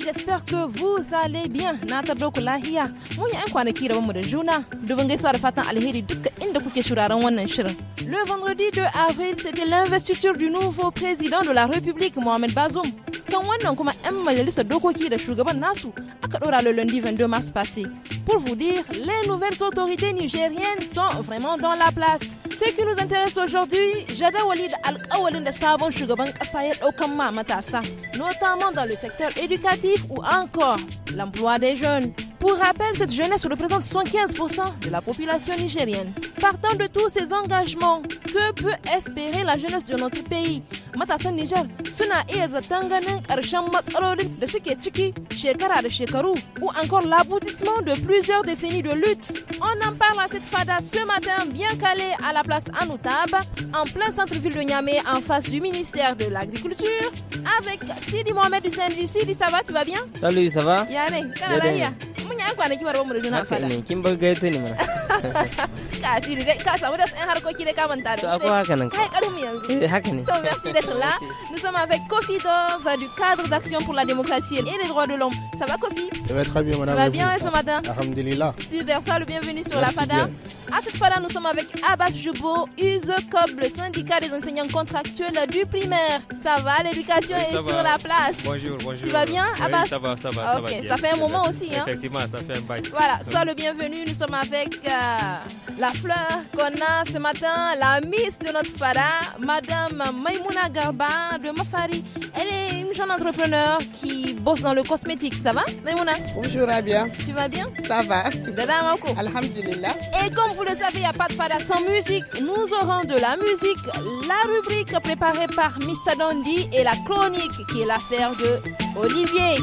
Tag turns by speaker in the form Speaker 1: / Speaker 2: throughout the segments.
Speaker 1: j'espère que vous allez bien. Na tabro lahiya. Mun yi an kira da mu da juna. Dubin gaisuwa da fatan alheri duka inda kuke shuraren wannan shirin. Le vendredi 2 avril, c'était l'investiture du nouveau président de la République Mohamed Bazoum. Kan wannan kuma 'yan majalisar dokoki da shugaban nasu aka ɗora le lundi 22 mars passé. Pour vous dire, les nouvelles autorités nigériennes sont vraiment dans la place. Ce qui nous intéresse aujourd'hui, Jada Walid al notamment dans le secteur éducatif ou encore l'emploi des jeunes. Pour rappel, cette jeunesse représente 115% de la population nigérienne. Partant de tous ces engagements, que peut espérer la jeunesse de notre pays Matasan Niger suna eza shekara shekaru ou encore l'aboutissement de plusieurs décennies de lutte. On en parle à cette fada ce matin bien calé à la place à en plein centre-ville de Niamey, en face du ministère de l'Agriculture, avec Sidi Mohamed Hussein Sidi, ça va, tu vas bien
Speaker 2: Salut, ça va Yane, Yane, Yane, Yane,
Speaker 1: Yane, Yane,
Speaker 2: Yane, Yane, Yane, Eh, merci d'être là
Speaker 1: nous sommes avec Kofi Dov du cadre d'action pour la démocratie et les droits de l'homme ça va Kofi
Speaker 3: ça va très bien madame ça va bien ce matin alhamdulillah
Speaker 1: super sois le bienvenu sur la FADA à cette FADA nous sommes avec Abbas Jubo USECOB le syndicat des enseignants contractuels du primaire ça va l'éducation est sur la place
Speaker 2: bonjour bonjour tu
Speaker 1: vas bien Abbas ça va ça va ça va ça fait un moment aussi hein effectivement
Speaker 4: ça fait un bail
Speaker 1: voilà sois le bienvenu nous sommes avec euh, la fleur qu'on a ce matin, la miss de notre fada, Madame Maimouna Garba de Mafari. Elle est une jeune entrepreneur qui bosse dans le cosmétique. Ça va, Maimouna Bonjour, bien. Tu vas bien Ça va. Dada Alhamdulillah. Et comme vous le savez, il n'y a pas de fada sans musique. Nous aurons de la musique, la rubrique préparée par Mr. Dondi et la chronique qui est l'affaire de Olivier.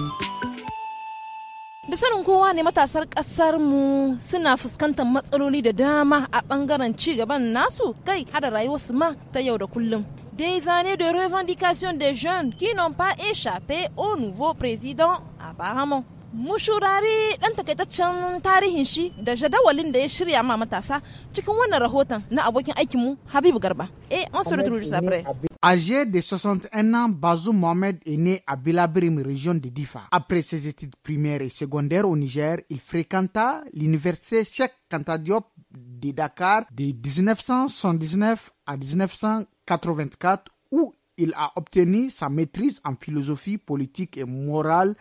Speaker 1: da sanin kowa ne matasar kasar mu suna fuskantar matsaloli da dama a bangaren ci gaban nasu kai hada rayuwarsu ma ta yau da kullum des années de revendication des jeunes qui n'ont pas échappé au nouveau président apparemment mushurari on
Speaker 5: Âgé de 61 ans, Bazou Mohamed est né à Bilabrim, région de Difa. Après ses études primaires et secondaires au Niger, il fréquenta l'université Cheikh Kantadiop de Dakar de 1979 à 1984 où il a obtenu sa maîtrise en philosophie politique et morale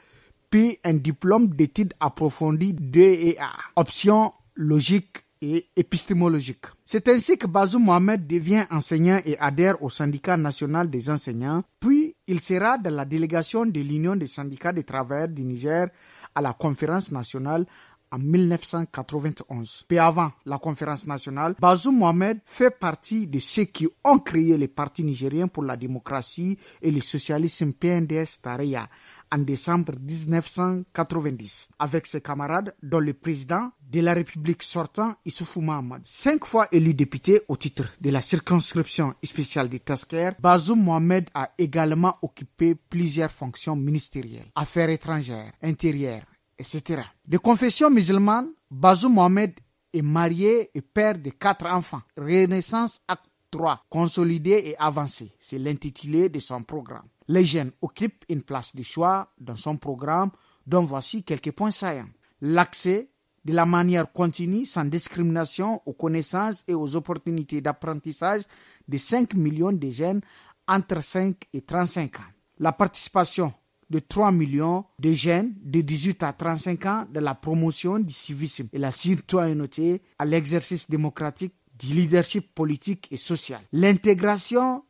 Speaker 5: puis un diplôme d'études approfondies DEA, option logique et épistémologique. C'est ainsi que Bazou Mohamed devient enseignant et adhère au syndicat national des enseignants, puis il sera dans la délégation de l'Union des syndicats de travailleurs du Niger à la conférence nationale en 1991. Peu avant la conférence nationale, Bazoum Mohamed fait partie de ceux qui ont créé le Parti nigérien pour la démocratie et le socialisme PNDS-Tareya en décembre 1990 avec ses camarades dont le président de la République sortant Issoufou Mohamed. Cinq fois élu député au titre de la circonscription spéciale de Tasker, Bazoum Mohamed a également occupé plusieurs fonctions ministérielles, affaires étrangères, intérieures, etc. De confession musulmane, Bazou Mohamed est marié et père de quatre enfants. Renaissance Acte 3, consolidé et avancé, c'est l'intitulé de son programme. Les jeunes occupent une place de choix dans son programme dont voici quelques points saillants. L'accès de la manière continue, sans discrimination, aux connaissances et aux opportunités d'apprentissage de 5 millions de jeunes entre 5 et 35 ans. La participation de 3 millions de jeunes de 18 à 35 ans de la promotion du civisme et la citoyenneté à l'exercice démocratique du leadership politique et social. L'intégration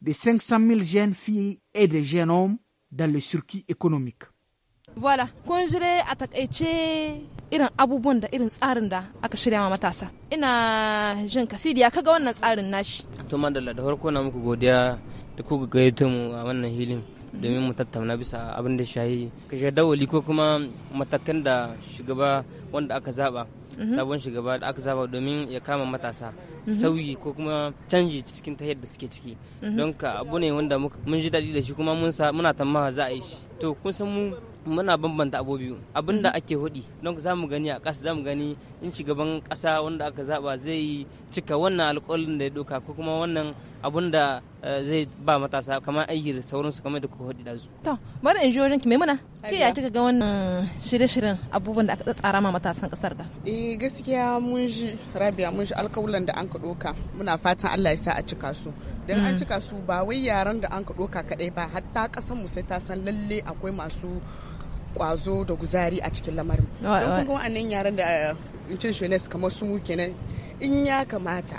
Speaker 5: de 500 000 jeunes filles et de jeunes hommes dans le circuit économique.
Speaker 1: Voilà, quand a takaice irin abubuwan da irin tsarin da aka shirya ma matasa. Ina jin kasiriya kaga wannan tsarin nashi.
Speaker 2: To madalla da farko na muku godiya da kuka gayyato mu a wannan hilin. domin mu tattauna bisa abin da shahi jadawali ko kuma matakan da shugaba wanda aka zaba mhm. sabon shugaba da aka zaba domin ya kama matasa mhm. sauyi ko kuma canji cikin ta yadda suke ciki mhm. don ka abu ne wanda mun ji daɗi da shi kuma mun muna tammaha za a yi shi to kun san mu muna bambanta abu biyu abin da ake hudi don za mu gani a ƙasa za mu gani in shugaban ƙasa wanda aka zaba zai cika wannan alƙawarin da ya doka ko kuma wannan abun da eh, zai ba matasa kamar aiki da sauransu kamar da kuka da su.
Speaker 1: To, bari in ji wajen ki maimuna. Ke ya kika ga wannan shirye-shiryen abubuwan da aka tsara ma matasan kasar ga?
Speaker 6: Eh gaskiya mun ji Rabia mun ji alkawulan da an ka doka. Muna fatan Allah ya sa a cika su. Dan an mm. cika su ba wai yaran da an ka doka kadai ba hatta kasan mu sai ta san lalle akwai masu kwazo da guzari a cikin lamarin. Don kuma wa'annan yaran da eh, in cin shi kamar su kenan in ya kamata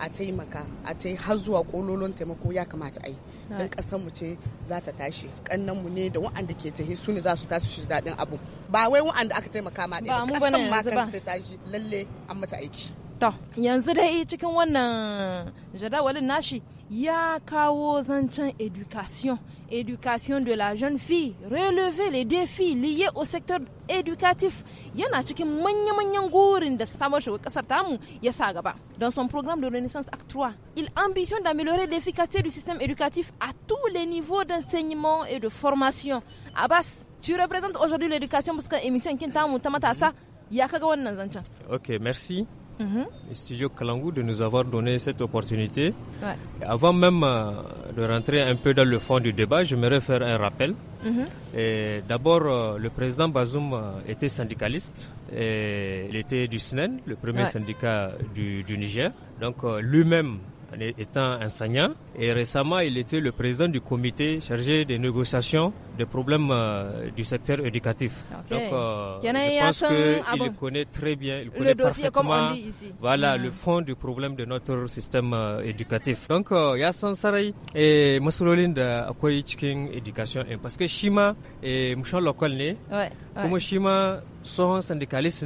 Speaker 6: a taimaka a ta har zuwa kololon taimako ya kamata a yi don mu ce za ta tashi mu ne da wa'anda ke tahi su ne za su tashi shi daɗin abu ba wai wa'anda aka taimaka ma ɗaya ƙasar ma kan ta tashi lalle
Speaker 1: an mata aiki To, yanzu dai cikin wannan jadawalin nashi ya kawo zancen education éducation de la jeune fille, relever les défis liés au secteur éducatif. Dans son programme de Renaissance Act 3, il ambitionne d'améliorer l'efficacité du système éducatif à tous les niveaux d'enseignement et de formation. Abbas, tu représentes aujourd'hui l'éducation parce que l'émission
Speaker 4: Ok, merci. Mm Studio Kalangu de nous avoir donné cette opportunité. Avant même euh, rentrer un peu dans le fond du débat, je j'aimerais faire un rappel. Mhm. D'abord, euh, le président Bazoum euh, était syndicaliste. Et il était du SNEN, e le premier syndicat du Niger. Donc euh, lui-même étant enseignant. Et récemment, il était le président du comité chargé des négociations des problèmes euh, du secteur éducatif. Donc, euh, je pense qu'il ah connaît très bien, il connaît le dossier, parfaitement Voilà, mm. le fond du problème de notre système euh, éducatif. Donc, a Saray, sarai et masalolin à akwai cikin education parce que shima et Mouchan local ne. Ouais. shima sont syndicalistes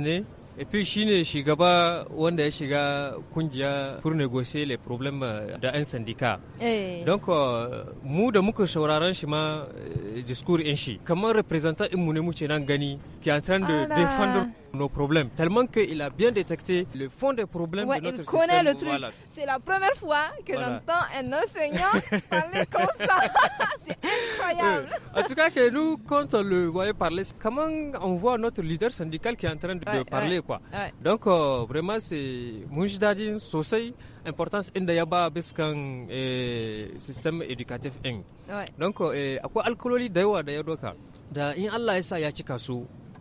Speaker 4: epi shine shigaba wanda ya shiga kungiya pour négocier les problèmes eh, da 'yan sandika eh. donc eh, mu da muka shauraran shi ma discours in shi kamar representant mu ne muke nan gani ki en train de nos problèmes. Tellement qu'il a bien détecté le fond des problèmes de notre il connaît le truc.
Speaker 1: C'est la première fois que l'on entend un enseignant parler comme ça. C'est incroyable.
Speaker 4: Euh, en tout cas, que nous, quand on le voyait parler, comment on voit notre leader syndical qui est en train de, parler, quoi. Donc, euh, vraiment, c'est din Sosei. importance Indayaba ya Parce biskan système éducatif Donc, Don euh, Donc, à quoi da yawa da doka da in Allah ya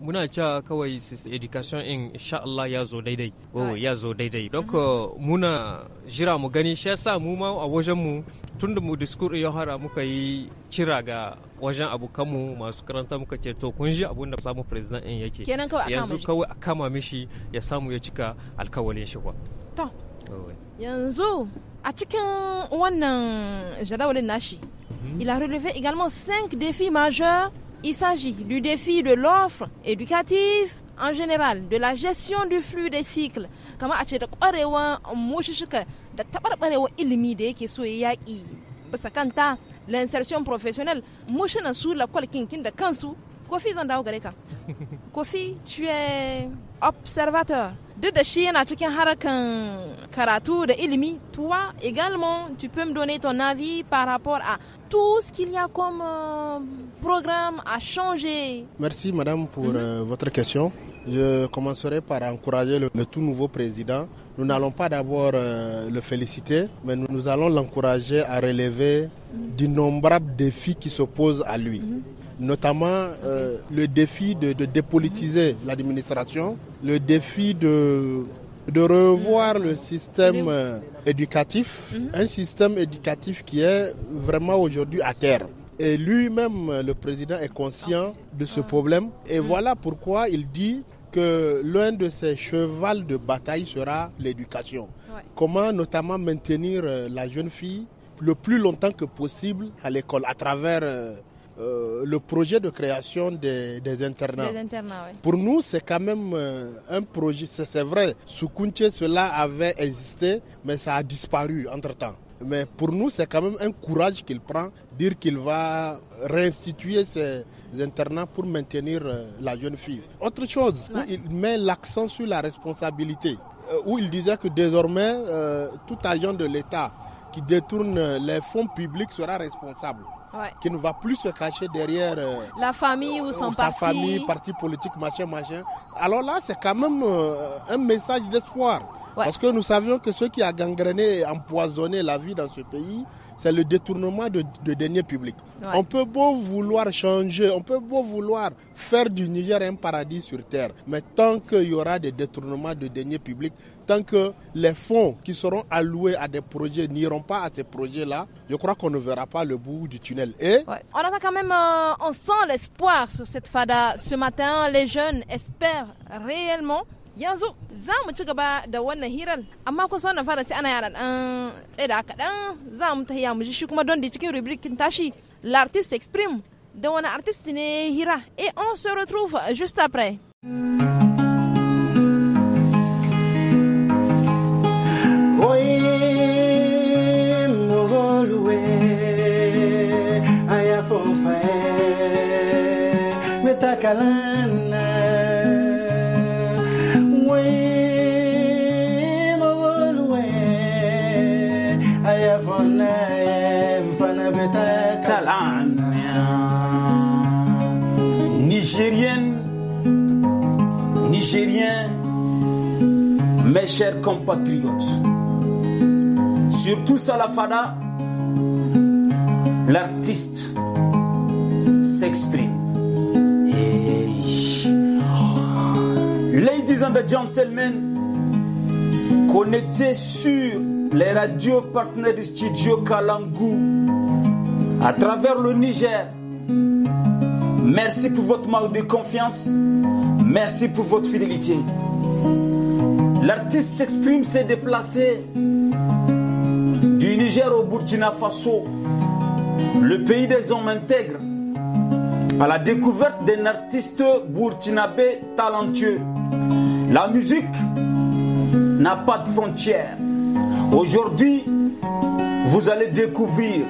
Speaker 4: muna cewa kawai education in insha Allah ya zo daidai oh ya zo daidai don mm-hmm. muna jira mu gani shi yasa mu ma a wajen mu tunda mu discourse ya hara muka yi kira ga wajen mu masu karanta muka ce to kun ji abun da samu president din yake kenan kawai yanzu kawai a kama mishi ya samu ya cika alkawalin shi kwa
Speaker 1: to yanzu a cikin wannan jadawalin nashi mm-hmm. il a relevé également cinq défis majeurs Il s'agit du défi de l'offre éducative en général, de la gestion du flux des cycles. Kama a ce da ƙwarewan mushishika da taɓarɓarewa ilimi da yake so yaki. yaƙi bisa kanta l'insertion professionnelle mushina su la kwalkinkin de kansu kofi zan dawo gare ka kofi tu es observateur de da shi yana cikin harkan karatu da toi également tu peux me donner ton avis par rapport à tout ce qu'il y a comme euh, programme à changer
Speaker 3: merci madame pour mhm. euh, votre question je commencerai par encourager le, tout nouveau président nous n'allons pas d'abord euh, le féliciter mais nous, allons l'encourager à relever mhm. d'innombrables défis qui s'opposent à lui mhm notamment euh, le défi de, dépolitiser l'administration, le défi de, revoir le système euh, éducatif, mhm. un système éducatif qui est vraiment aujourd'hui à terre. Et lui-même, euh, le président est conscient de ce problème. Et mhm. voilà pourquoi il dit que l'un de ses chevals de bataille sera l'éducation. Comment notamment maintenir la jeune fille le plus longtemps que possible à l'école à travers euh, le projet de création des, internats. Pour nous, c'est quand même euh, un projet, c'est vrai. Sous Kunche, cela avait existé, mais ça a disparu entre-temps. Mais pour nous, c'est quand même un courage qu'il prend, dire qu'il va réinstituer ces internats pour maintenir euh, la jeune fille. Autre chose, il met l'accent sur la responsabilité, où il disait que désormais, tout agent de l'État qui détourne les fonds publics sera responsable qui ne va plus se cacher derrière euh,
Speaker 1: la famille ou son parti. Sa famille,
Speaker 3: parti politique, machin, machin. Alors là, c'est quand même euh, un message d'espoir. Parce que nous savions que ceux qui a gangréné et empoisonné la vie dans ce pays, c'est le détournement de, deniers publics. On peut beau vouloir changer, on peut beau vouloir faire du Niger un paradis sur terre, mais tant qu'il y aura des détournements de deniers publics, tant que les fonds qui seront alloués à des projets n'iront pas à ces projets-là, je crois qu'on ne verra pas le bout du tunnel. Et
Speaker 1: On a quand même, euh, on sent l'espoir sur cette fada. Ce matin, les jeunes espèrent réellement yanzu za mu ci gaba da wannan hirar amma kusa wannan fara sai ana yara dan tsaye da haka dan za mu tahiya mu ji shi kuma don da cikin rubrikin tashi l'artiste exprime da wani artist ne hira et on se retrouve juste après
Speaker 7: Aya
Speaker 8: mes chers compatriotes. Sur tout l'artiste s'exprime. Ladies and gentlemen, connectés sur les radios partenaires du studio Kalangu à travers le Niger, merci pour votre marque de confiance, merci pour votre fidélité. L'artiste s'exprime, s'est déplacé du Niger au Burkina Faso, le pays des hommes intègres, à la découverte d'un artiste burkinabé talentueux. La musique n'a pas de frontières. Aujourd'hui, vous allez découvrir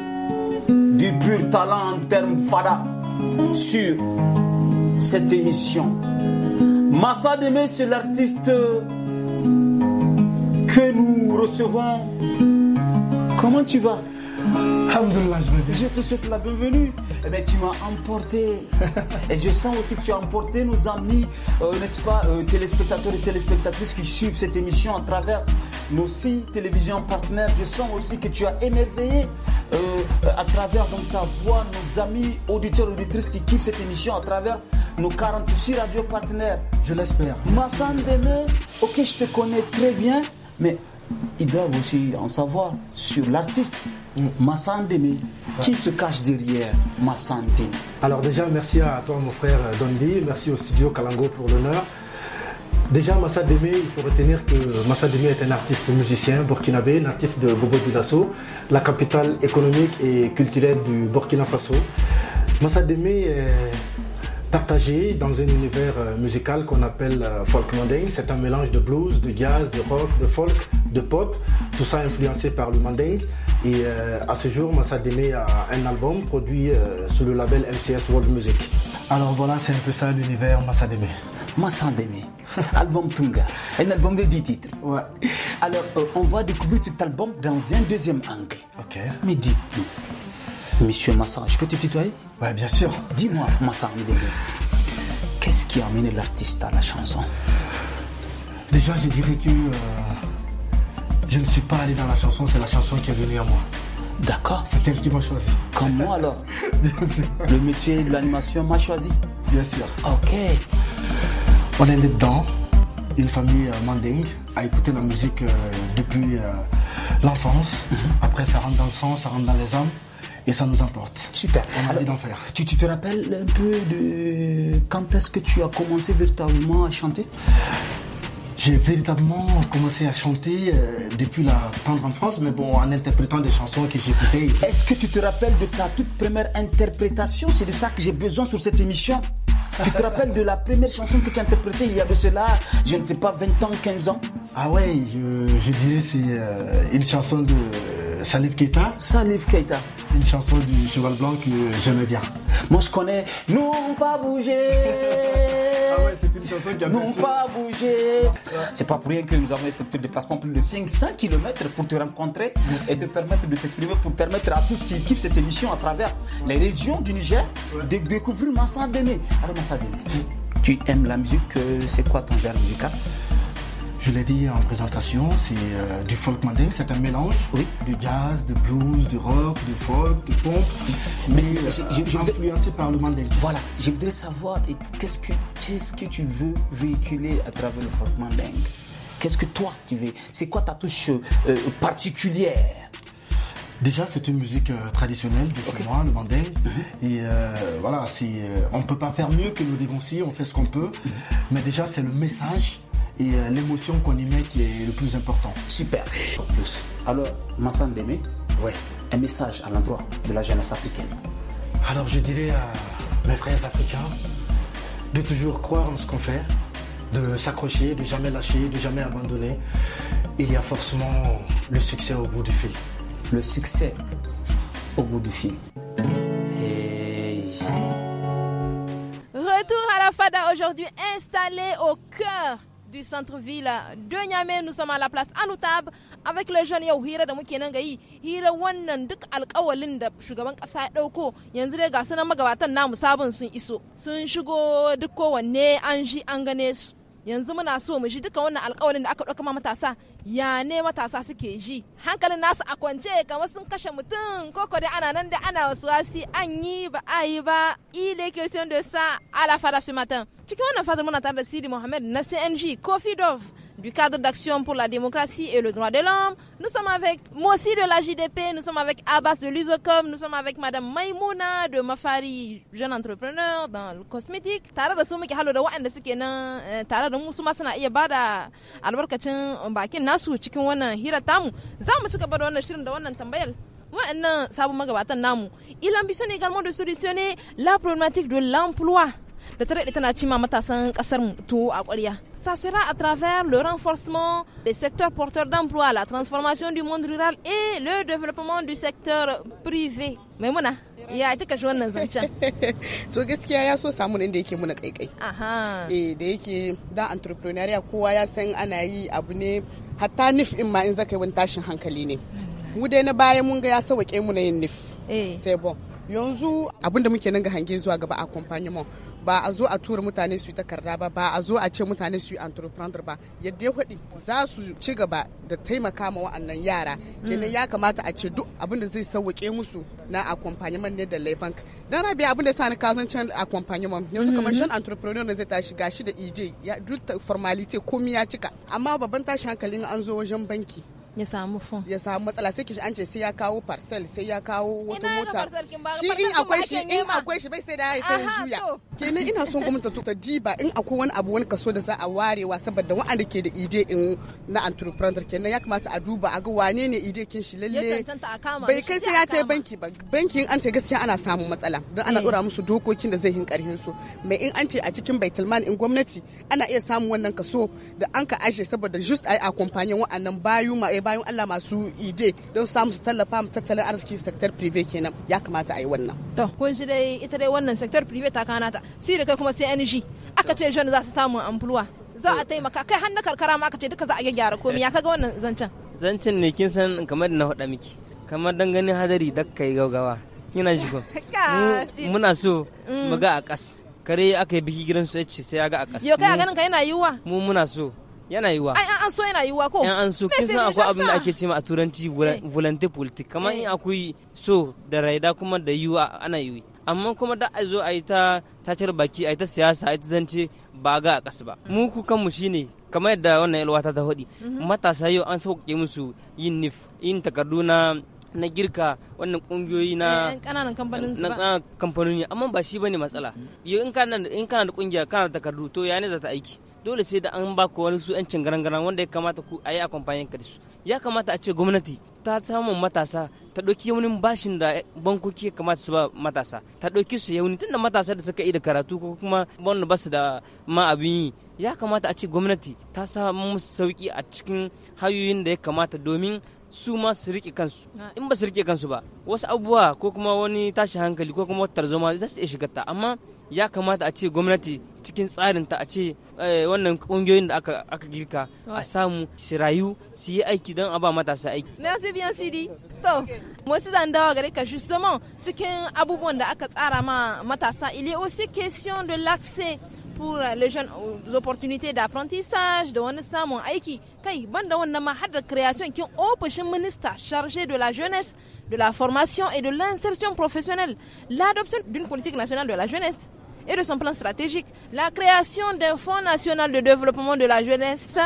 Speaker 8: du pur talent en termes fada sur cette émission. Massa c'est l'artiste Comment tu vas je te souhaite la bienvenue. Eh ben, tu m'as emporté. et je sens aussi que tu as emporté nos amis, euh, n'est-ce pas, euh, téléspectateurs et téléspectatrices qui suivent cette émission à travers nos six télévisions partenaires. Je sens aussi que tu as émerveillé euh, à travers donc, ta voix nos amis auditeurs auditrices qui kiffent cette émission à travers nos 46 radios partenaires. Je l'espère. Massan Deme, ok, je te connais très bien, mais ils doivent aussi en savoir sur l'artiste. Massandemi, qui se cache derrière Massandemi Alors déjà, merci à toi mon frère
Speaker 7: Dondi, merci au studio Kalango pour l'honneur. Déjà, Massa il faut retenir que Massa est un artiste musicien burkinabé, natif de Bobo Dioulasso, la capitale économique et culturelle du Burkina Faso. Massa est partagé dans un univers euh, musical qu'on appelle euh, folk Mandeng, C'est un mélange de blues, de jazz, de rock, de folk, de pop, tout ça influencé par le Mandeng. Et euh, à ce jour, Massa a un album produit sous le label MCS World Music. Alors voilà, c'est
Speaker 8: un peu ça l'univers Massa Massademe, Massa album Tunga, un album de 10 titres. Ouais. Alors, on va découvrir cet album dans un deuxième angle. Ok. Mais dites-nous, Monsieur Massa, je peux te tutoyer Ouais, bien sûr. Dis-moi, Massa qu'est-ce qui a amené l'artiste à la chanson Déjà, je dirais que euh,
Speaker 7: je ne suis pas allé dans la chanson, c'est la chanson qui est venue à moi. D'accord. C'est elle qui m'a choisi. Comme moi alors
Speaker 8: Le métier de l'animation m'a choisi Bien
Speaker 7: sûr. Ok. On est dedans, une famille euh, mandingue, a écouté la musique euh, depuis l'enfance. Mhm. Après, ça rentre dans le son, ça rentre dans les
Speaker 8: âmes et ça nous importe.
Speaker 7: Super. On a d'en faire.
Speaker 8: Tu, te rappelles un peu de quand est-ce que tu as commencé véritablement à chanter j'ai véritablement
Speaker 7: commencé à chanter euh, depuis la tendre enfance, mais bon, en interprétant des chansons que j'écoutais. Est-ce
Speaker 8: que tu te rappelles de ta toute première interprétation C'est de ça que j'ai besoin sur cette émission. Tu te rappelles de la première chanson que tu as interprétée il y avait cela, je ne sais pas, 20 ans, 15 ans Ah
Speaker 7: ouais, je, dirais c'est euh, une chanson de Salif Keita. Salif Keita. Une chanson du Cheval Blanc que j'aimais bien. Moi, je connais Non, pas bouger. ah ouais,
Speaker 8: c'est une chanson qui a Non, pas bouger. C'est pas pour rien que nous avons effectué des déplacement plus de 500 km pour te rencontrer et te permettre de t'exprimer, pour permettre à tous qui équipent cette émission à travers les régions du Niger de découvrir Massa Déné. Alors, Massa tu aimes la musique, euh, c'est quoi ton genre musical
Speaker 7: je l'ai dit en présentation, c'est euh, du folk manding, c'est un mélange oui. du jazz, de blues, de rock, de
Speaker 8: folk, de pop, mais, j'ai euh, influencé par le manding. Voilà, je voudrais savoir qu'est-ce que, que tu veux véhiculer à travers le folk manding Qu'est-ce que toi tu veux C'est quoi ta touche euh, particulière Déjà, c'est une musique
Speaker 7: traditionnelle du okay. le mhm. Et voilà, on ne peut pas faire mieux que nous devons si on fait ce qu'on peut. Mhm. Mais déjà, c'est le message et euh, l'émotion qu'on y met qui est
Speaker 8: le plus important. Super. En plus. Alors, Massan Deme, ouais. un message à l'endroit de la jeunesse africaine.
Speaker 7: Alors, je dirais à mes frères africains de toujours croire en ce qu'on fait, de s'accrocher, de jamais lâcher, de jamais abandonner. Il y a forcément le succès au bout du fil. Le succès
Speaker 8: au bout du fil.
Speaker 1: Retour à la FADA aujourd'hui installé au cœur du centre-ville de Niamey. Nous sommes à la place Anoutab avec le jeune yau hira da Hira wannan duk alƙawalin da shugaban ƙasa ya ɗauko yanzu dai ga sunan magabatan namu sabon sun iso. Sun shigo duk kowanne an ji an gane su. yanzu muna so mu ji duka wannan alkawarin da aka ɗauka ma matasa ya ne matasa suke ji hankalin nasu a kwance kamar sun kashe mutum ko dai ana nan da ana wasu wasi an yi ba a yi ba ile ke ya sa ala fada shi matan cikin wannan fadar muna tare da sidi muhammad na cng kofi dove du cadre d'action pour la démocratie et le droit de l'homme. Nous sommes avec Mossi de la JDP, nous sommes avec Abbas de l'USOCOM, nous sommes avec Madame Maimouna de Mafari, jeune entrepreneur dans le cosmétique. Eh, Il ambitionne également de solutionner la problématique de l'emploi da ta daɗe tana cima matasan ƙasar tuwo a ƙwarya. Ça sera à travers le renforcement des secteurs porteurs d'emploi, la transformation du monde rural et le développement du secteur privé. Maimuna, ya ita kashe wannan zancen? To gaskiya ya so samu ne da yake muna
Speaker 6: kaikai. Aha. Eh da yake da entrepreneurial kowa ya san ana yi abu ne hatta nif in ma in zaka yi hankali ne. Mu dai na baya mun ga ya sauke mu na yin nif. Eh. Sai bon. Yanzu abinda muke nan ga hange zuwa gaba a compagnement ba a zo a tura mutane su yi takarda ba ba a zo a ce mutane su yi entrepreneur ba yadda ya faɗi za su ci gaba da taimaka ma wa'annan yara kenan ya kamata a ce duk abin da zai sauwaƙe musu na accompaniment ne da laifank dan rabi abin da sani ni kasan can accompaniment yanzu mhm. kamar shan entrepreneur ne zai tashi gashi da ej ya duk formality komai ya cika amma babban tashi hankalin an zo wajen banki ya samu fon ya samu matsala sai kishi an ce sai ya kawo parcel sai ya kawo wata mota shi in akwai shi in akwai shi bai sai da ya sai juya kenan ina son gwamnati ta diba in akwai wani abu wani kaso da za a warewa saboda wa'anda ke da ide in na entrepreneur kenan ya kamata a duba a ga wane ne ide kin shi lalle
Speaker 1: bai kai sai ya ta banki
Speaker 6: ba bankin an ce gaskiya ana samun matsala don ana dora eh. musu dokokin da zai hin karhin su mai in an ce a cikin baitulman in gwamnati ana iya samun wannan kaso da an ka ashe saboda just ai a kumfanin wa'annan bayu ma eh, bayan Allah masu ide don samu su tallafa mu tattalin arziki sektar prive
Speaker 1: kenan ya kamata a yi wannan. To kun shi dai ita dai wannan sektar prive ta kana ta sai da kai kuma sai energy aka ce jeune za su samu amfulwa za a taimaka kai har na karkara ma aka ce duka za a gyara komai ya kaga wannan zancen.
Speaker 2: Zancen ne kin san kamar da na faɗa miki kamar dan ganin hadari dakka yi gaugawa kina ko? muna so mu mm. ga a kas kare aka yi biki gidan su sai ya ga a kas. Yau kai a ganin ka yana yiwuwa. Mu muna so yana yiwa ai
Speaker 1: an so yana yiwa ko an so kin san akwai abin da ake
Speaker 2: cewa a turanci eh. volunteer politics kamar in eh. akwai so da raida kuma da yiwa ana yiwi amma kuma da a zo a yi ta tacar baki a yi ta siyasa a yi ta zance ba ga a kasu ba mu ku kanmu shine kamar yadda wannan yalwa ta faɗi mhm. matasa yau an sauƙaƙe musu yin nif yin takardu na na girka wannan kungiyoyi na
Speaker 1: kananan eh,
Speaker 2: kamfanoni amma ba shi bane matsala mm. yau in kana da kungiya kana da takardu to ya ne za ta aiki dole sai da an ba ku wani su yancin garan-garan wanda ya kamata ku a yi a kamfanin ka su ya kamata a ce gwamnati ta samu matasa ta ɗauki yaunin bashin da bankoki kamata su ba matasa ta ɗauki su yauni tunda matasa da suka yi da karatu ko kuma wanda ba da ma abin yi ya kamata a ce gwamnati ta samu musu sauki a cikin hayoyin da ya kamata domin su ma su rike kansu in ba su rike kansu ba wasu abubuwa ko kuma wani tashi hankali ko kuma wata tarzoma za su iya shigar ta amma ya kamata a ce gwamnati cikin tsarin ta a ce eh, wannan kungiyoyin da aka girka a samu su rayu su yi aiki Merci
Speaker 1: bien Sidi. Moi moi, c'est justement abubuwan da aka tsara ma il est aussi question de l'accès pour les jeunes aux opportunités d'apprentissage, de y Aïki, aiki. Kai, banda wannan création kin chargé de la jeunesse, de la formation et de l'insertion professionnelle, l'adoption d'une politique nationale de la jeunesse et de son plan stratégique, la création d'un fonds national de développement de la jeunesse.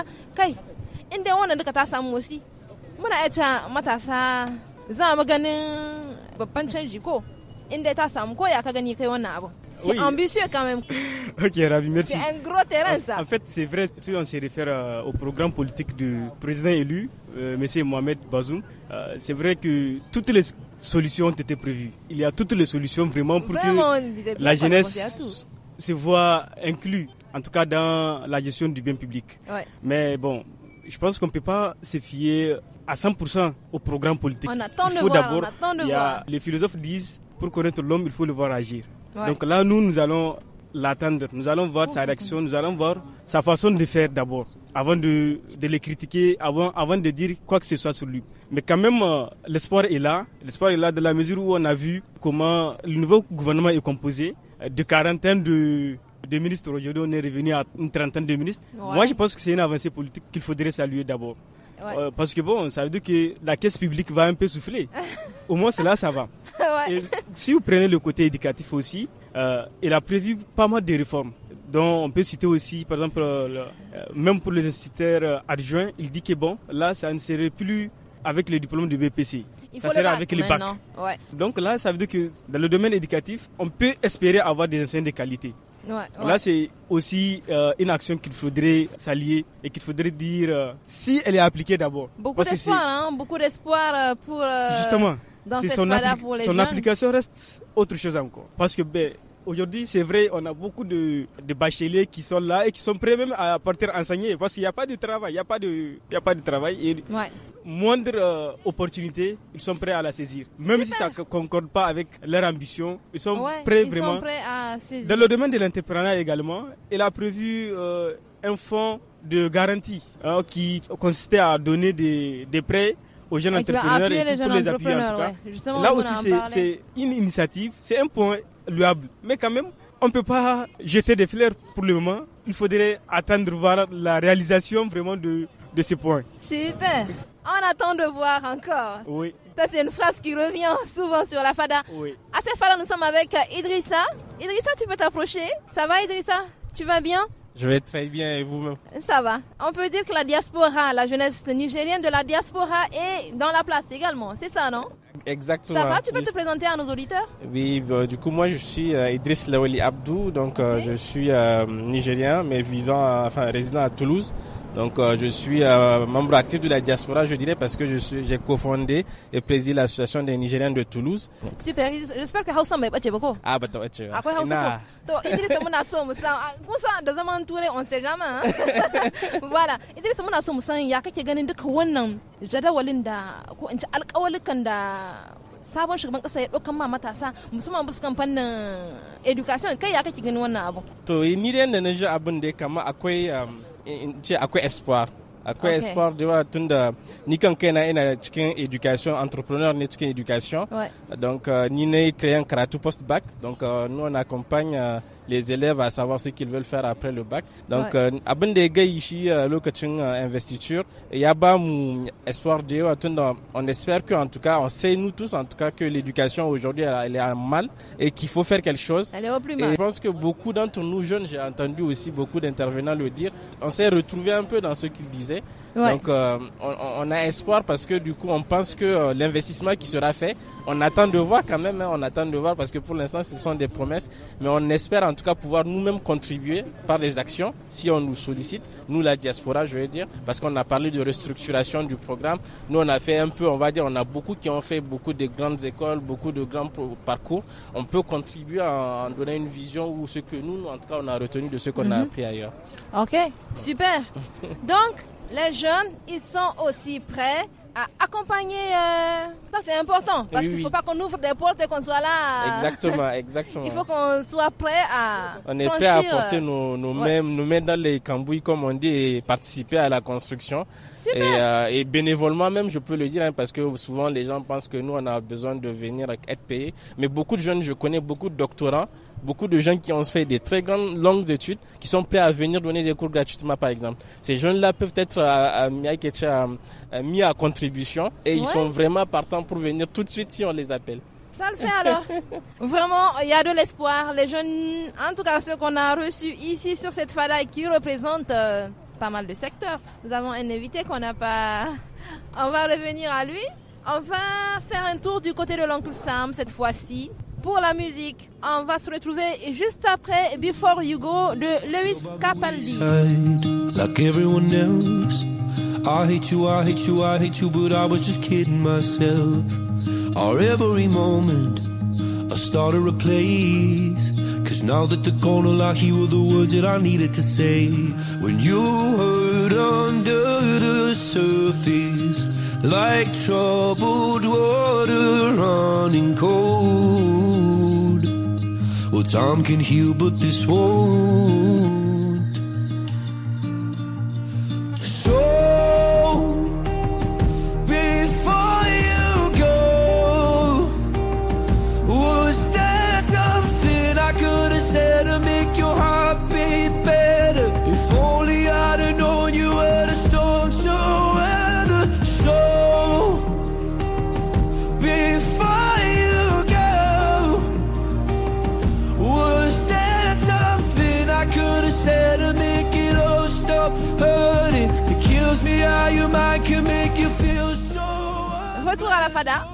Speaker 1: C'est ambitieux quand même.
Speaker 9: ok, Rabi, merci. C'est un
Speaker 1: gros terrain, ça. En,
Speaker 9: fait, c'est vrai, si on se réfère euh, au programme politique du président élu, euh, M. Mohamed Bazoum, euh, c'est vrai que toutes les solutions ont été prévues. Il y a toutes les solutions vraiment pour que la jeunesse se voit inclue, en tout cas dans la gestion du bien public. Mais bon, je pense qu'on ne peut pas se fier à 100% au programme politique. On attend il faut les philosophes disent, pour connaître l'homme, il faut le voir agir. Donc là, nous, nous allons l'attendre. Nous allons voir sa réaction, nous allons voir sa façon de faire d'abord, avant de, de le critiquer, avant, avant de dire quoi que ce soit sur lui. Mais quand même, euh, l'espoir est là. L'espoir est là de la mesure où on a vu comment le nouveau gouvernement est composé euh, de quarantaine de deux ministres. Aujourd'hui, on est revenu à une trentaine de ministres. Moi, je pense que c'est une avancée politique qu'il faudrait saluer d'abord. Euh, parce que bon, ça veut dire que la caisse publique va un peu souffler. Au moins, cela, ça va. si vous prenez le côté éducatif aussi, euh, il a prévu pas mal de réformes. Donc, on peut citer aussi, par exemple, euh, même pour les instituteurs adjoints, il dit que bon, là, ça ne serait plus avec le diplôme de BPC. ça serait avec les bac. Donc là, ça veut dire que dans le domaine éducatif, on peut espérer avoir des enseignants de qualité. Là, c'est aussi euh, une action qu'il faudrait s'allier et qu'il faudrait dire euh, si elle est appliquée d'abord. Beaucoup d'espoir,
Speaker 1: hein, beaucoup d'espoir euh, pour. Justement, dans son, son application
Speaker 9: reste autre chose encore. Parce que ben, Aujourd'hui, c'est vrai, on a beaucoup de, de, bacheliers qui sont là et qui sont prêts même à partir enseigner parce qu'il n'y a pas de travail, il n'y a, pas de, pas de travail. Et Moindre euh, opportunité, ils sont prêts à la saisir. Même si ça ne concorde pas avec leur ambition, ils sont prêts vraiment. Sont
Speaker 1: prêts saisir. Dans le
Speaker 9: domaine de l'entrepreneuriat également, il a prévu euh, un fonds de garantie hein, qui consistait à donner des, prêts aux jeunes entrepreneurs et les, les appuyer en tout cas. Là aussi, c'est une initiative, c'est un point mais quand même, on ne peut pas jeter des fleurs pour le moment. Il faudrait attendre voir la réalisation vraiment de, de ces points.
Speaker 1: Super. On attend de voir encore. Oui. Ça, c'est une phrase qui revient souvent sur la FADA. Oui. À cette FADA, nous sommes avec Idrissa. Idrissa, tu peux t'approcher Ça va, Idrissa Tu vas bien
Speaker 10: je vais très bien et vous
Speaker 1: Ça va. On peut dire que la diaspora, la jeunesse nigérienne de la diaspora est dans la place également, c'est ça, non
Speaker 10: Exactement. Ça va, tu peux te
Speaker 1: présenter à nos auditeurs
Speaker 10: Oui, euh, du coup, moi, je suis euh, Idriss Laweli Abdou, donc euh, je suis nigérien, mais vivant, enfin résident à Toulouse. Donc euh, je suis euh, membre actif de la diaspora, je dirais, parce que je suis, j'ai cofondé et préside l'association des Nigériens de Toulouse.
Speaker 1: Super, j'espère que Hausa m'a bace beaucoup.
Speaker 10: Ah bah toi tu. Akwai Hausa
Speaker 1: ko. To Idrissa muna so mu san kun ah, san da zaman turai on sait jamais. Hein. Voilà, que Idrissa muna so mu san ya kake ganin duka wannan jadawalin da ko in ci alƙawalukan da sabon shugaban kasa ya ɗaukan ma matasa musamman fuskan fannin education kai ya kake ganin wannan abu
Speaker 10: to ni da yanda na ji abin da ya kama akwai um, à ce quoi espoir akwai okay. espoir voir tout le monde, ni quand kaina ina cikin education entrepreneur ni cikin education donc nous, euh, ni un un karatu post bac donc euh, nous on accompagne euh, les élèves à savoir ce qu'ils veulent faire après le bac. Donc à euh, euh, le coaching euh, investiture ya espoir on espère que en tout cas on sait nous tous en tout cas que l'éducation aujourd'hui elle, est en mal et qu'il faut faire quelque chose. Elle est au plus mal. Et je pense que beaucoup d'entre nous jeunes, j'ai entendu aussi beaucoup d'intervenants le dire, on s'est retrouvé un peu dans ce qu'ils disaient. Donc on, on, a espoir parce que du coup on pense que l'investissement qui sera fait on attend de voir quand même, hein. on attend de voir parce que pour l'instant ce sont des promesses, mais on espère en tout cas pouvoir nous-mêmes contribuer par les actions si on nous sollicite, nous la diaspora je veux dire, parce qu'on a parlé de restructuration du programme, nous on a fait un peu, on va dire, on a beaucoup qui ont fait beaucoup de grandes écoles, beaucoup de grands parcours, on peut contribuer à donner une vision ou ce que nous, en tout cas on a retenu de ce qu'on a mhm. appris ailleurs.
Speaker 1: Ok, super. Donc les jeunes, ils sont aussi prêts accompagner. Euh, ça, c'est important parce qu'il ne faut pas qu'on ouvre des portes et qu'on soit là. Hein.
Speaker 10: Exactement, exactement. Il faut
Speaker 1: qu'on soit prêt à. On est prêt à porter nos,
Speaker 10: euh, nos, mêmes, nos mains dans les cambouis, comme on dit, et participer à la construction. Euh, et, bénévolement, même, je peux le dire, hein, parce que souvent les gens pensent que nous, on a besoin de venir être payés. Mais beaucoup de jeunes, je connais beaucoup de doctorants beaucoup de jeunes qui ont fait des très grandes, longues études, qui sont prêts à venir donner des cours gratuitement, par exemple. Ces jeunes-là peuvent être mis à contribution et ils sont vraiment partants pour venir tout de suite si on les appelle.
Speaker 1: Ça le fait alors. Vraiment, il y a de l'espoir. Les jeunes, en tout cas ceux qu'on a reçus ici sur cette falaise qui représentent euh, pas mal de secteurs. Nous avons un invité qu'on n'a pas. On va revenir à lui. On va faire un tour du côté de l'oncle Sam cette fois-ci pour la musique. On va se retrouver juste après Before You Go de Lewis Capaldi.
Speaker 7: Like everyone else, I hate you, I hate you, I hate you, but I was just kidding myself. Our every moment, I started a place. Cause now that the corner light, I were the words that I needed to say. When you heard under the surface. like troubled water running cold. Well, time can heal, but this won't.
Speaker 1: fada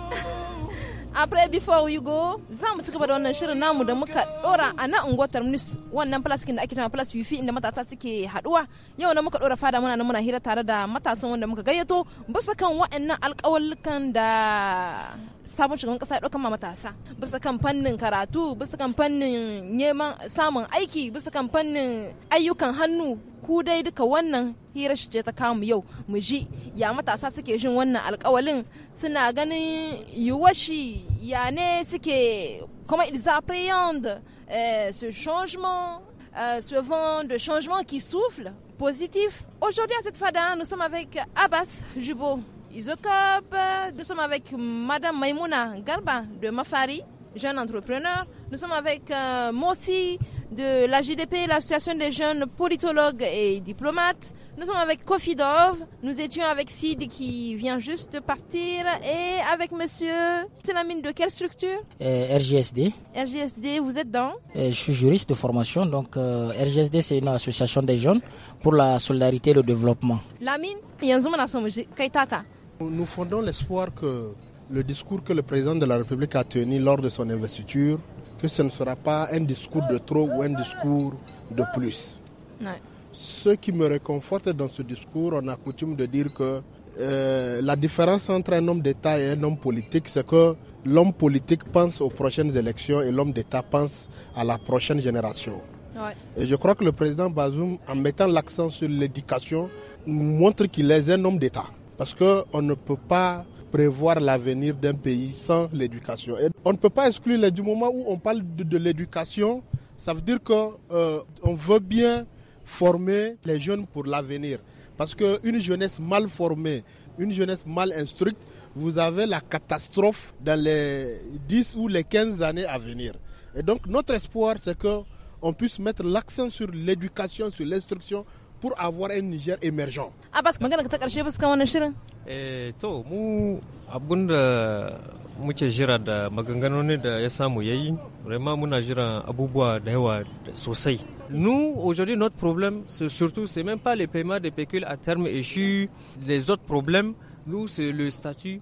Speaker 1: a pray before you go za mu ci gaba da wannan shirin namu da muka dora a na unguwar news wannan plastikin da ake cewa plus wifi inda matasa suke haduwa yau na muka dora fada muna nan muna hira tare da matasan wanda muka gayyato bisa kan waɗannan alƙawallukan da sabon shugaban kasa ya ɗaukan ma matasa bisa kan fannin karatu bisa kan fannin neman samun aiki bisa kan fannin ayyukan hannu Comment ils appréhendent eh, ce changement eh, ce vent de changement qui souffle positif aujourd'hui à cette fada hein, nous sommes avec Abbas Jubo Isokab, nous sommes avec madame Maimouna Garba de Mafari jeune entrepreneur nous sommes avec euh, Mossi de la GDP, l'association des jeunes politologues et diplomates. Nous sommes avec Kofi Dov, nous étions avec Sid qui vient juste de partir et avec monsieur mine de quelle structure
Speaker 2: euh, RGSD.
Speaker 1: RGSD, vous êtes dans
Speaker 2: euh, Je suis juriste de formation, donc euh, RGSD c'est une association des jeunes pour la solidarité et le développement.
Speaker 1: Lamine,
Speaker 3: nous fondons l'espoir que le discours que le président de la République a tenu lors de son investiture que ce ne sera pas un discours de trop ou un discours de plus. Ce qui me réconforte dans ce discours, on a coutume de dire que euh, la différence entre un homme d'État et un homme politique, c'est que l'homme politique pense aux prochaines élections et l'homme d'État pense à la prochaine génération. Et je crois que le président Bazoum, en mettant l'accent sur l'éducation, montre qu'il est un homme d'État. Parce qu'on ne peut pas prévoir l'avenir d'un pays sans l'éducation. Et on ne peut pas exclure du moment où on parle de, l'éducation, ça veut dire qu'on euh, veut bien former les jeunes pour l'avenir. Parce qu'une jeunesse mal formée, une jeunesse mal instruite, vous avez la catastrophe dans les 10 ou les 15 années à venir. Et donc notre espoir, c'est qu'on puisse mettre l'accent sur l'éducation, sur l'instruction, pour avoir un Niger émergent.
Speaker 1: Ah, vraiment
Speaker 4: Nous, aujourd'hui, notre problème, c'est surtout, c'est même pas les paiements des pécules à terme échus, les autres problèmes. Nous, c'est le statut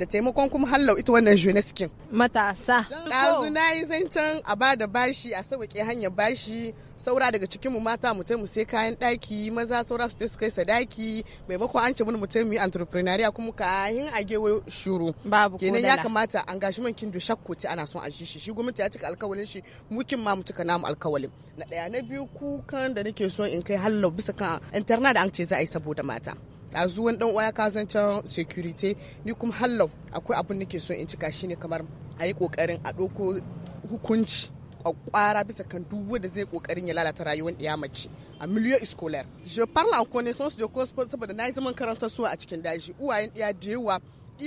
Speaker 6: da taimakon kuma hallau ita wannan juneskin matasa ɗazu na yi zancen a ba da bashi a sauƙaƙe hanyar bashi saura daga cikinmu mata mu mu sai kayan ɗaki maza saura su su kai sadaki maimakon an ce mun mutum mu yi entrepreneuria kuma kayan a gewe shuru babu kenan ya kamata an gashi man kindu shakku ta ana son a shi shi gwamnati ya cika alkawalin shi mukin ma mu cika namu alkawalin na ɗaya na biyu kukan da nake son in kai hallau bisa kan internet da an ce za a yi saboda mata A zuwan ɗan uwa ka can security ni kuma hallau akwai abin nake so in cika shine kamar a yi ƙoƙarin a ɗauko hukunci kwakwara bisa kan duk wanda zai kokarin ya lalata rayuwar ɗiya mace a milieu scolaire je parle en connaissance de cause saboda na yi zaman karanta su a cikin daji uwayen ɗiya da yawa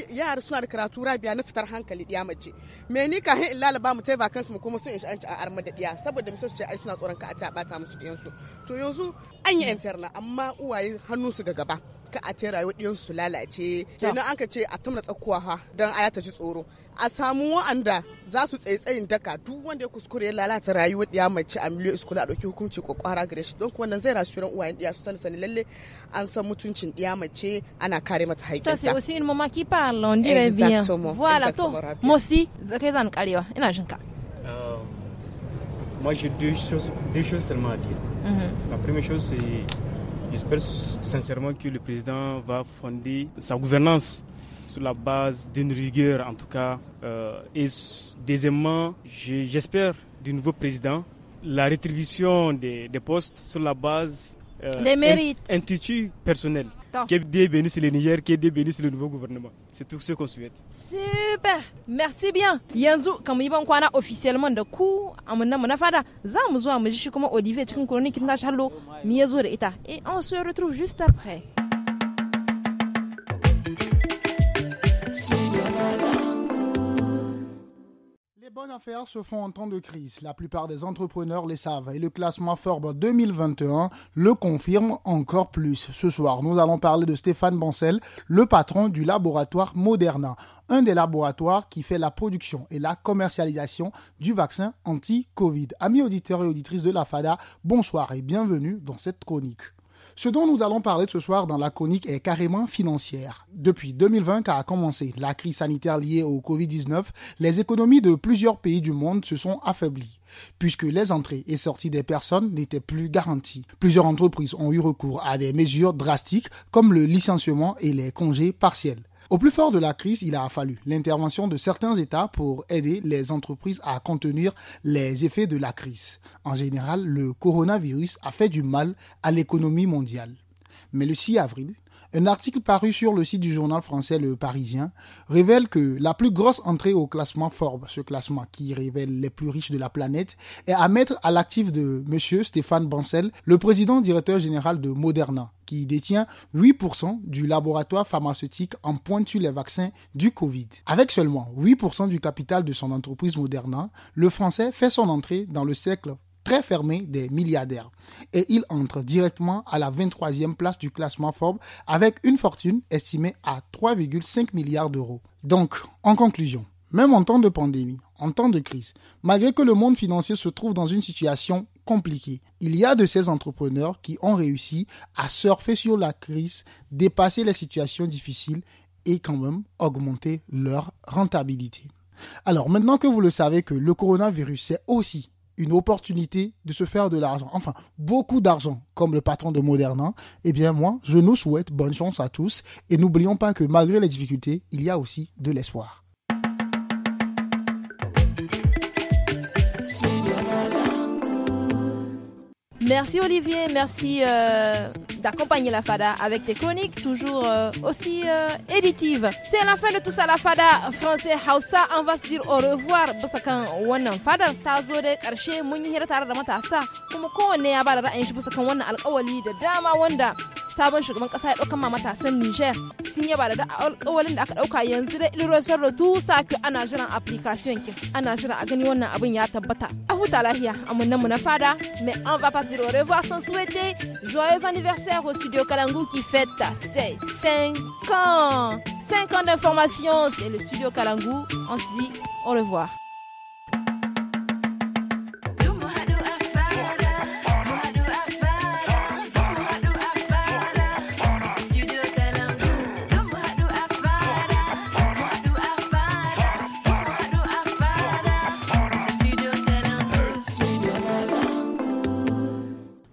Speaker 6: yara suna da karatu rabiya na fitar hankali ɗiya mace me ni ka hin illala ba mu tai vacancy mu kuma sun in sha'anci a arma da ɗiya saboda misal sace ai suna tsoron ka a ta bata musu ɗiyan su to yanzu an yi interna amma uwaye hannun su ga gaba ka a ta rayuwar ɗiyan su lalace kenan an ka ce a tamna tsakuwa ha don a ta ji tsoro a samu wa'anda za su tsaitsayin daka duk wanda ya kuskure ya lalata rayuwar ɗiya mace a miliyoyin iskola a ɗauki hukunci kwakwara gare shi don kuwa nan zai rasu ran uwayen ɗiya su sani sani lalle an san mutuncin ɗiya mace ana kare mata haƙƙinta. Ça aussi
Speaker 1: une maman qui parle on dirait bien.
Speaker 6: biyan. Voilà to
Speaker 1: Mosi kai zan karewa ina jin ka.
Speaker 6: Euh,
Speaker 9: moi j'ai deux choses deux choses seulement à dire. Mm La première chose c'est J'espère sincèrement que le président va fonder sa gouvernance sur la base d'une rigueur en tout cas. Euh, et deuxièmement, j'espère du nouveau président la rétribution des, postes sur la base d'un euh, des mérites. personnel. Que Dieu bénisse le Niger, que Dieu bénisse le nouveau gouvernement. C'est tout ce qu'on souhaite.
Speaker 1: Super. Merci bien. Yanzu, comme il a officiellement de coup, amuna mon fada, za mu zuwa mu ji shi kuma Olivier tu chronique connais Charlo, mi yazo da Et on se retrouve juste après.
Speaker 11: bonnes affaires se font en temps de crise. La plupart des entrepreneurs les savent et le classement Forbes 2021 le confirme encore plus. Ce soir, nous allons parler de Stéphane Bancel, le patron du laboratoire Moderna, un des laboratoires qui fait la production et la commercialisation du vaccin anti-Covid. Amis auditeurs et auditrices de la FADA, bonsoir et bienvenue dans cette chronique. Ce dont nous allons parler ce soir dans la chronique est carrément financière. Depuis 2020 car a commencé la crise sanitaire liée au Covid-19, les économies de plusieurs pays du monde se sont affaiblies puisque les entrées et sorties des personnes n'étaient plus garanties. Plusieurs entreprises ont eu recours à des mesures drastiques comme le licenciement et les congés partiels. Au plus fort de la crise, il a fallu l'intervention de certains États pour aider les entreprises à contenir les effets de la crise. En général, le coronavirus a fait du mal à l'économie mondiale. Mais le 6 avril, un article paru sur le site du journal français Le Parisien révèle que la plus grosse entrée au classement Forbes, ce classement qui révèle les plus riches de la planète, est à mettre à l'actif de monsieur Stéphane Bancel, le président directeur général de Moderna, qui détient 8% du laboratoire pharmaceutique en pointe les vaccins du Covid. Avec seulement 8% du capital de son entreprise Moderna, le français fait son entrée dans le siècle très fermé des milliardaires. Et il entre directement à la 23e place du classement Forbes avec une fortune estimée à 3,5 milliards d'euros. Donc, en conclusion, même en temps de pandémie, en temps de crise, malgré que le monde financier se trouve dans une situation compliquée, il y a de ces entrepreneurs qui ont réussi à surfer sur la crise, dépasser les situations difficiles et quand même augmenter leur rentabilité. Alors maintenant que vous le savez que le coronavirus c'est aussi une opportunité de se faire de l'argent, enfin beaucoup d'argent, comme le patron de Moderna, eh bien moi, je nous souhaite bonne chance à tous et n'oublions pas que malgré les difficultés, il y a aussi de l'espoir.
Speaker 1: Merci Olivier, merci euh, d'accompagner la fada avec tes chroniques toujours euh, aussi euh, éditives. C'est la fin de tout ça la fada français Hausa. On va se dire au revoir. Basakan wannan fada ta zo da karshe mun yi hira tare da matasa kuma kowanne ya bada ra'ayin shi basakan wannan alƙawari da dama wanda sabon shugaban kasa ya ɗaukan ma matasan Niger sun yaba da alƙawarin da aka dauka yanzu da ilirosar da tusa ki ana jiran application ki ana jiran a gani wannan abin ya tabbata a huta lafiya a mu na fada mais on va pas dire au revoir sans souhaiter joyeux anniversaire au studio Kalangu qui fête ses 5 ans. 5 ans d'information, c'est le studio Kalangu. On se dit au revoir.